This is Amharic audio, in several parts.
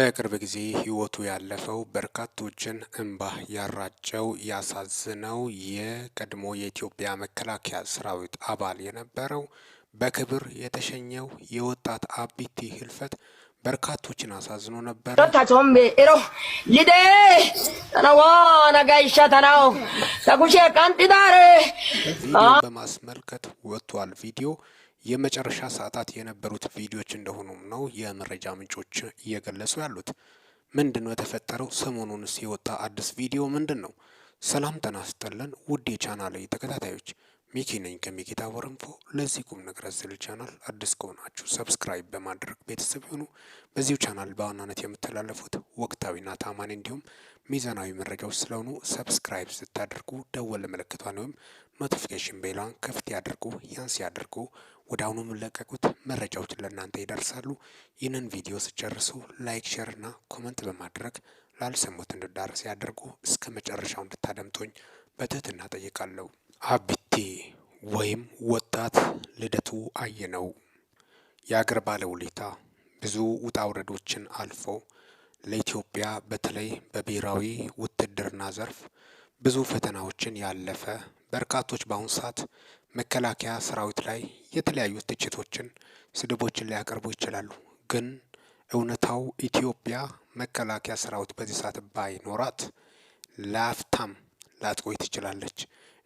በቅርብ ጊዜ ህይወቱ ያለፈው በርካቶችን እንባ ያራጨው ያሳዝነው የቀድሞ የኢትዮጵያ መከላከያ ሰራዊት አባል የነበረው በክብር የተሸኘው የወጣት አቢቲ ህልፈት በርካቶችን አሳዝኖ ነበር። በማስመልከት ወጥቷል ቪዲዮ የመጨረሻ ሰዓታት የነበሩት ቪዲዮዎች እንደሆኑም ነው የመረጃ ምንጮች እየገለጹ ያሉት። ምንድን ነው የተፈጠረው? ሰሞኑንስ የወጣ አዲስ ቪዲዮ ምንድን ነው? ሰላም ጤና ይስጥልን ውድ የቻናሌ ተከታታዮች ሚኪ ነኝ ከሚኪታ ወረንፎ። ለዚህ ቁም ነገር አዘል ቻናል አዲስ ከሆናችሁ ሰብስክራይብ በማድረግ ቤተሰብ ይሁኑ። በዚሁ ቻናል በዋናነት የምተላለፉት ወቅታዊና ታማኒ እንዲሁም ሚዛናዊ መረጃዎች ስለሆኑ ሰብስክራይብ ስታደርጉ ደወል ምልክቷን ወይም ኖቲፊኬሽን ቤሏን ክፍት ያደርጉ። ያንስ ሲያደርጉ ወደ አሁኑ የሚለቀቁት መረጃዎች ለእናንተ ይደርሳሉ። ይህንን ቪዲዮ ስጨርሱ ላይክ፣ ሼር እና ኮመንት በማድረግ ላልሰሙት እንድዳረስ ያደርጉ። እስከ መጨረሻው እንድታደምጡኝ በትህትና ጠይቃለሁ። አቢቴ ወይም ወጣት ልደቱ አየነው የአገር ባለውለታ ብዙ ውጣ ውረዶችን አልፎ ለኢትዮጵያ በተለይ በብሔራዊ ውትድርና ዘርፍ ብዙ ፈተናዎችን ያለፈ በርካቶች በአሁኑ ሰዓት መከላከያ ሰራዊት ላይ የተለያዩ ትችቶችን፣ ስድቦችን ሊያቀርቡ ይችላሉ። ግን እውነታው ኢትዮጵያ መከላከያ ሰራዊት በዚህ ሰዓት ባይኖራት ላፍታም ላጥቆይ ትችላለች።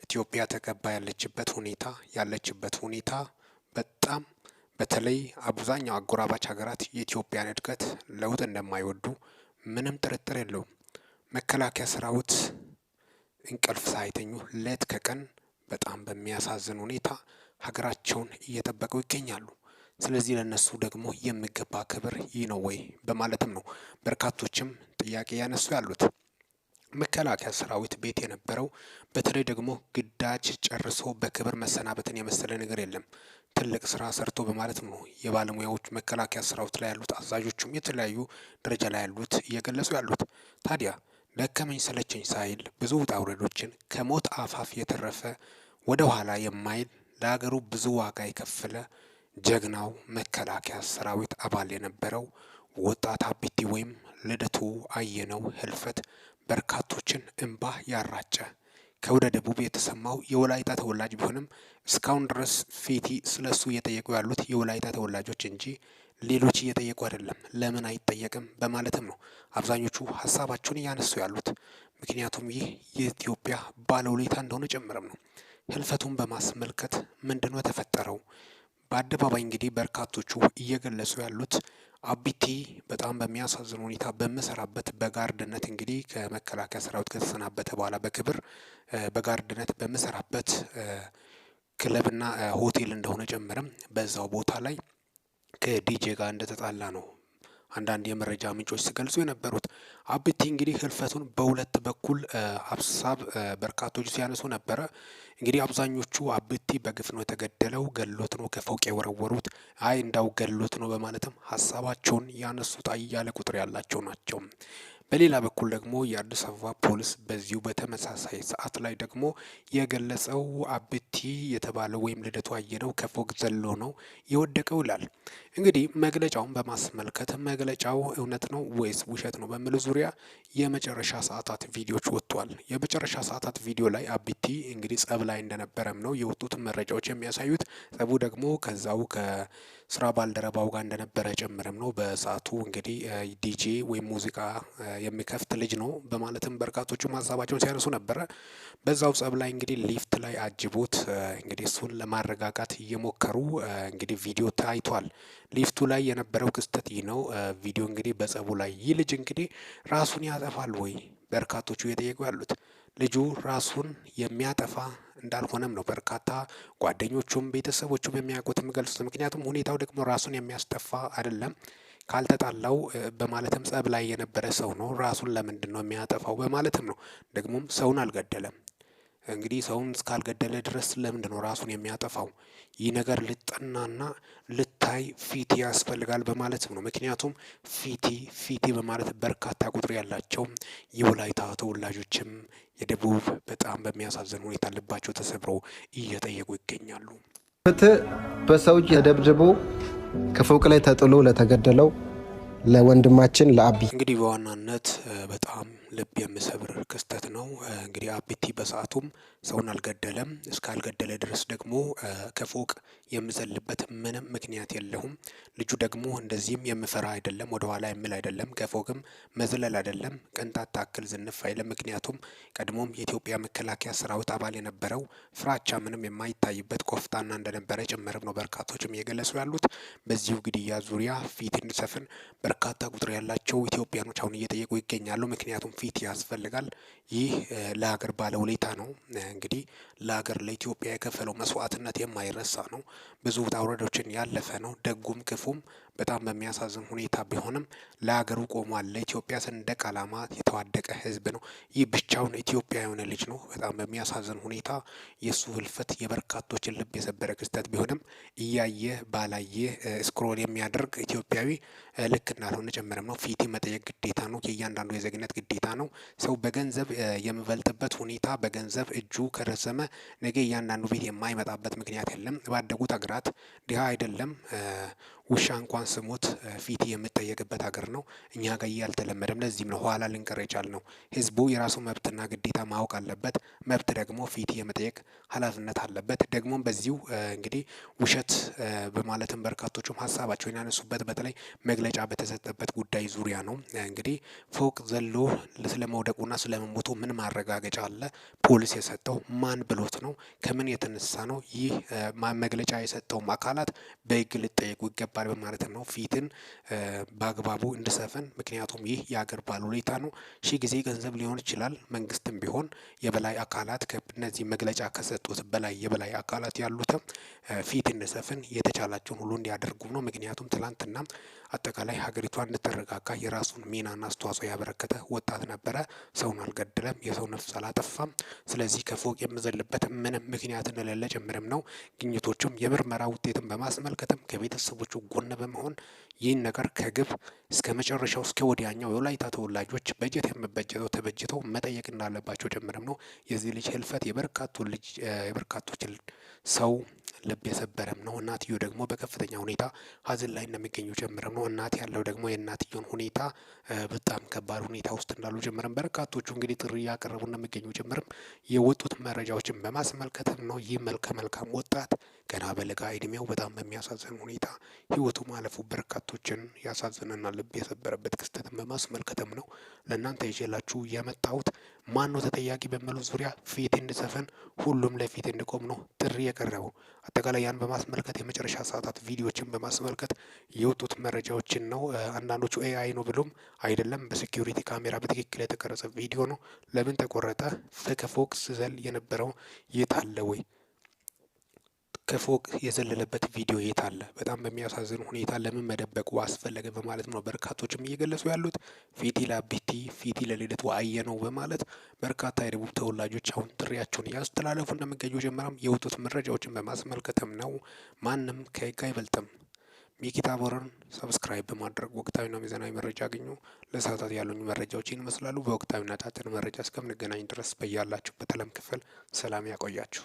ኢትዮጵያ ተከባ ያለችበት ሁኔታ ያለችበት ሁኔታ በጣም በተለይ አብዛኛው አጎራባች ሀገራት የኢትዮጵያን እድገት ለውጥ እንደማይወዱ ምንም ጥርጥር የለውም። መከላከያ ሰራዊት እንቅልፍ ሳይተኙ ሌት ከቀን በጣም በሚያሳዝን ሁኔታ ሀገራቸውን እየጠበቁ ይገኛሉ። ስለዚህ ለነሱ ደግሞ የሚገባ ክብር ይህ ነው ወይ በማለትም ነው በርካቶችም ጥያቄ ያነሱ ያሉት። መከላከያ ሰራዊት ቤት የነበረው በተለይ ደግሞ ግዳጅ ጨርሶ በክብር መሰናበትን የመሰለ ነገር የለም። ትልቅ ስራ ሰርቶ በማለት ነው የባለሙያዎች መከላከያ ሰራዊት ላይ ያሉት አዛዦቹም የተለያዩ ደረጃ ላይ ያሉት እየገለጹ ያሉት። ታዲያ ደከመኝ ሰለቸኝ ሳይል ብዙ ውጣ ውረዶችን ከሞት አፋፍ የተረፈ ወደ ኋላ የማይል ለሀገሩ ብዙ ዋጋ የከፈለ ጀግናው መከላከያ ሰራዊት አባል የነበረው ወጣት አቢቲ ወይም ልደቱ አየነው ህልፈት በርካቶችን እንባ ያራጨ ከወደ ደቡብ የተሰማው የወላይታ ተወላጅ ቢሆንም እስካሁን ድረስ ፌቲ ስለ እሱ እየጠየቁ ያሉት የወላይታ ተወላጆች እንጂ ሌሎች እየጠየቁ አይደለም። ለምን አይጠየቅም በማለትም ነው አብዛኞቹ ሀሳባቸውን እያነሱ ያሉት። ምክንያቱም ይህ የኢትዮጵያ ባለውለታ እንደሆነ ጭምርም ነው። ህልፈቱን በማስመልከት ምንድነው የተፈጠረው? በአደባባይ እንግዲህ በርካቶቹ እየገለጹ ያሉት አቢቲ በጣም በሚያሳዝን ሁኔታ በምሰራበት በጋርድነት እንግዲህ ከመከላከያ ሰራዊት ከተሰናበተ በኋላ በክብር በጋርድነት በምሰራበት ክለብና ሆቴል እንደሆነ ጨምረም በዛው ቦታ ላይ ከዲጄ ጋር እንደተጣላ ነው አንዳንድ የመረጃ ምንጮች ሲገልጹ የነበሩት። አብቲ እንግዲህ ህልፈቱን በሁለት በኩል ሀሳብ በርካቶች ሲያነሱ ነበረ። እንግዲህ አብዛኞቹ አብቲ በግፍ ነው የተገደለው፣ ገሎት ነው ከፎቅ የወረወሩት፣ አይ እንዳው ገሎት ነው በማለትም ሀሳባቸውን ያነሱት አያሌ ቁጥር ያላቸው ናቸው። በሌላ በኩል ደግሞ የአዲስ አበባ ፖሊስ በዚሁ በተመሳሳይ ሰዓት ላይ ደግሞ የገለጸው አብቲ የተባለው ወይም ልደቱ አየነው ከፎቅ ዘሎ ነው የወደቀው ይላል። እንግዲህ መግለጫውን በማስመልከት መግለጫው እውነት ነው ወይስ ውሸት ነው በሚል ዙሪያ የመጨረሻ ሰዓታት ቪዲዮዎች ወጥቷል። የመጨረሻ ሰዓታት ቪዲዮ ላይ አብቲ እንግዲህ ጸብ ላይ እንደነበረም ነው የወጡት መረጃዎች የሚያሳዩት። ጸቡ ደግሞ ከዛው ከ ስራ ባልደረባው ጋር እንደነበረ ጭምርም ነው። በሰዓቱ እንግዲህ ዲጄ ወይም ሙዚቃ የሚከፍት ልጅ ነው በማለትም በርካቶቹ ሀሳባቸውን ሲያነሱ ነበረ። በዛው ጸብ ላይ እንግዲህ ሊፍት ላይ አጅቦት እንግዲህ እሱን ለማረጋጋት እየሞከሩ እንግዲህ ቪዲዮ ታይቷል። ሊፍቱ ላይ የነበረው ክስተት ይህ ነው። ቪዲዮ እንግዲህ በጸቡ ላይ ይህ ልጅ እንግዲህ ራሱን ያጠፋል ወይ? በርካቶቹ እየጠየቁ ያሉት ልጁ ራሱን የሚያጠፋ እንዳልሆነም ነው በርካታ ጓደኞቹም ቤተሰቦቹም የሚያውቁት የሚገልጹት። ምክንያቱም ሁኔታው ደግሞ ራሱን የሚያስጠፋ አይደለም። ካልተጣላው በማለትም ጸብ ላይ የነበረ ሰው ነው። ራሱን ለምንድን ነው የሚያጠፋው በማለትም ነው። ደግሞም ሰውን አልገደለም። እንግዲህ ሰውን እስካልገደለ ድረስ ለምንድን ነው ራሱን የሚያጠፋው? ይህ ነገር ልጠናና ልታይ ፊቲ ያስፈልጋል በማለት ነው። ምክንያቱም ፊቲ ፊቲ በማለት በርካታ ቁጥር ያላቸው የወላይታ ተወላጆችም የደቡብ በጣም በሚያሳዝን ሁኔታ ልባቸው ተሰብሮ እየጠየቁ ይገኛሉ። ፍትህ በሰው እጅ ተደብድቦ ከፎቅ ላይ ተጥሎ ለተገደለው ለወንድማችን ለአቢ እንግዲህ በዋናነት በጣም ልብ የሚሰብር ክስተት ነው። እንግዲህ አቢቲ በሰአቱም ሰውን አልገደለም እስካልገደለ ድረስ ደግሞ ከፎቅ የምዘልበት ምንም ምክንያት የለሁም። ልጁ ደግሞ እንደዚህም የምፈራ አይደለም ወደ ኋላ የሚል አይደለም። ከፎቅም መዝለል አይደለም ቅንጣት ታክል ዝንፍ አይልም። ምክንያቱም ቀድሞም የኢትዮጵያ መከላከያ ሰራዊት አባል የነበረው ፍራቻ ምንም የማይታይበት ኮፍታና እንደነበረ ጭምርም ነው በርካቶችም እየገለጹ ያሉት። በዚሁ ግድያ ዙሪያ ፊት እንዲሰፍን በርካታ ቁጥር ያላቸው ኢትዮጵያኖች አሁን እየጠየቁ ይገኛሉ። ምክንያቱም ፊት ያስፈልጋል። ይህ ለሀገር ባለውለታ ነው። እንግዲህ ለሀገር ለኢትዮጵያ የከፈለው መስዋዕትነት የማይረሳ ነው። ብዙ ውጣ ውረዶችን ያለፈ ነው። ደጉም ክፉም በጣም በሚያሳዝን ሁኔታ ቢሆንም ለሀገሩ ቆሟል። ለኢትዮጵያ ሰንደቅ ዓላማ የተዋደቀ ህዝብ ነው። ይህ ብቻውን ኢትዮጵያ የሆነ ልጅ ነው። በጣም በሚያሳዝን ሁኔታ የእሱ ህልፈት የበርካቶችን ልብ የሰበረ ክስተት ቢሆንም እያየ ባላየ ስክሮል የሚያደርግ ኢትዮጵያዊ ልክ እንዳልሆነ ጨምረም ነው። ፊቲ መጠየቅ ግዴታ ነው። የእያንዳንዱ የዜግነት ግዴታ ነው። ሰው በገንዘብ የሚበልጥበት ሁኔታ በገንዘብ እጁ ከረዘመ ነገ እያንዳንዱ ቤት የማይመጣበት ምክንያት የለም። ባደጉት ሀገራት ድሀ አይደለም ውሻ እንኳን ስሞት ፊት የምጠየቅበት ሀገር ነው። እኛ ጋር ያልተለመደም። ለዚህም ነው ኋላ ልንቀር የቻልነው። ህዝቡ የራሱ መብትና ግዴታ ማወቅ አለበት። መብት ደግሞ ፊት የመጠየቅ ኃላፊነት አለበት። ደግሞም በዚሁ እንግዲህ ውሸት በማለትም በርካቶቹም ሀሳባቸውን ያነሱበት በተለይ መግለጫ በተሰጠበት ጉዳይ ዙሪያ ነው። እንግዲህ ፎቅ ዘሎ ስለመውደቁና ስለመሞቱ ምን ማረጋገጫ አለ? ፖሊስ የሰጠው ማን ብሎት ነው? ከምን የተነሳ ነው? ይህ መግለጫ የሰጠውም አካላት በህግ ልጠየቁ ይገባል። ይገባል በማለት ነው ፊትን በአግባቡ እንድሰፍን። ምክንያቱም ይህ የአገር ባለውለታ ነው። ሺ ጊዜ ገንዘብ ሊሆን ይችላል። መንግስትም ቢሆን የበላይ አካላት ከእነዚህ መግለጫ ከሰጡት በላይ የበላይ አካላት ያሉትም ፊት እንድሰፍን የተቻላቸውን ሁሉ እንዲያደርጉ ነው። ምክንያቱም ትላንትና አጠቃላይ ሀገሪቷ እንድትረጋጋ የራሱን ሚናና አስተዋጽኦ ያበረከተ ወጣት ነበረ። ሰውን አልገደለም፣ የሰው ነፍስ አላጠፋም። ስለዚህ ከፎቅ የምዘልበት ምንም ምክንያት እንደሌለ ጭምርም ነው። ግኝቶቹም የምርመራ ውጤትን በማስመልከትም ከቤተሰቦቹ ጎን በመሆን ይህን ነገር ከግብ እስከ መጨረሻው እስከ ወዲያኛው የወላይታ ተወላጆች በጀት የምበጀተው ተበጅተው መጠየቅ እንዳለባቸው ጀምርም ነው። የዚህ ልጅ ህልፈት የበርካቶች ሰው ልብ የሰበረም ነው። እናትዮ ደግሞ በከፍተኛ ሁኔታ ሀዘን ላይ እንደሚገኙ ጀምርም ነው። እናት ያለው ደግሞ የእናትዮን ሁኔታ በጣም ከባድ ሁኔታ ውስጥ እንዳሉ ጀምርም በርካቶቹ እንግዲህ ጥሪ እያቀረቡ እንደሚገኙ ጀምርም የወጡት መረጃዎችን በማስመልከትም ነው። ይህ መልከ መልካም ወጣት ገና በለጋ እድሜው በጣም በሚያሳዝን ሁኔታ ህይወቱ ማለፉ በርካቶችን ያሳዝንና ልብ የሰበረበት ክስተትን በማስመልከትም ነው ለእናንተ ይዤላችሁ የመጣሁት። ማን ነው ተጠያቂ በሚለው ዙሪያ ፊት እንድሰፈን ሁሉም ለፊት እንዲቆም ነው ጥሪ የቀረበው። አጠቃላይ ያን በማስመልከት የመጨረሻ ሰዓታት ቪዲዮችን በማስመልከት የወጡት መረጃዎችን ነው። አንዳንዶቹ ኤአይ ነው ብሎም አይደለም፣ በሴኪሪቲ ካሜራ በትክክል የተቀረጸ ቪዲዮ ነው። ለምን ተቆረጠ? ከፎቅ ስዘል የነበረው የት አለ ወይ? ከፎቅ የዘለለበት ቪዲዮ የት አለ? በጣም በሚያሳዝን ሁኔታ ለምን መደበቁ አስፈለገ? በማለት ነው በርካቶችም እየገለጹ ያሉት። ፊቲ ላቢቲ ፊቲ ለልደቱ አየ ነው በማለት በርካታ የደቡብ ተወላጆች አሁን ጥሪያቸውን እያስተላለፉ እንደሚገኙ ጀመራም የወጡት መረጃዎችን በማስመልከትም ነው። ማንም ከህግ አይበልጥም። ሚኪታ ቦረን ሰብስክራይብ በማድረግ ወቅታዊና ሚዛናዊ መረጃ አግኙ። ለሰዓታት ያሉኝ መረጃዎች ይህን ይመስላሉ። በወቅታዊና ጫጭር መረጃ እስከምንገናኝ ድረስ በያላችሁ በተለም ክፍል ሰላም ያቆያችሁ።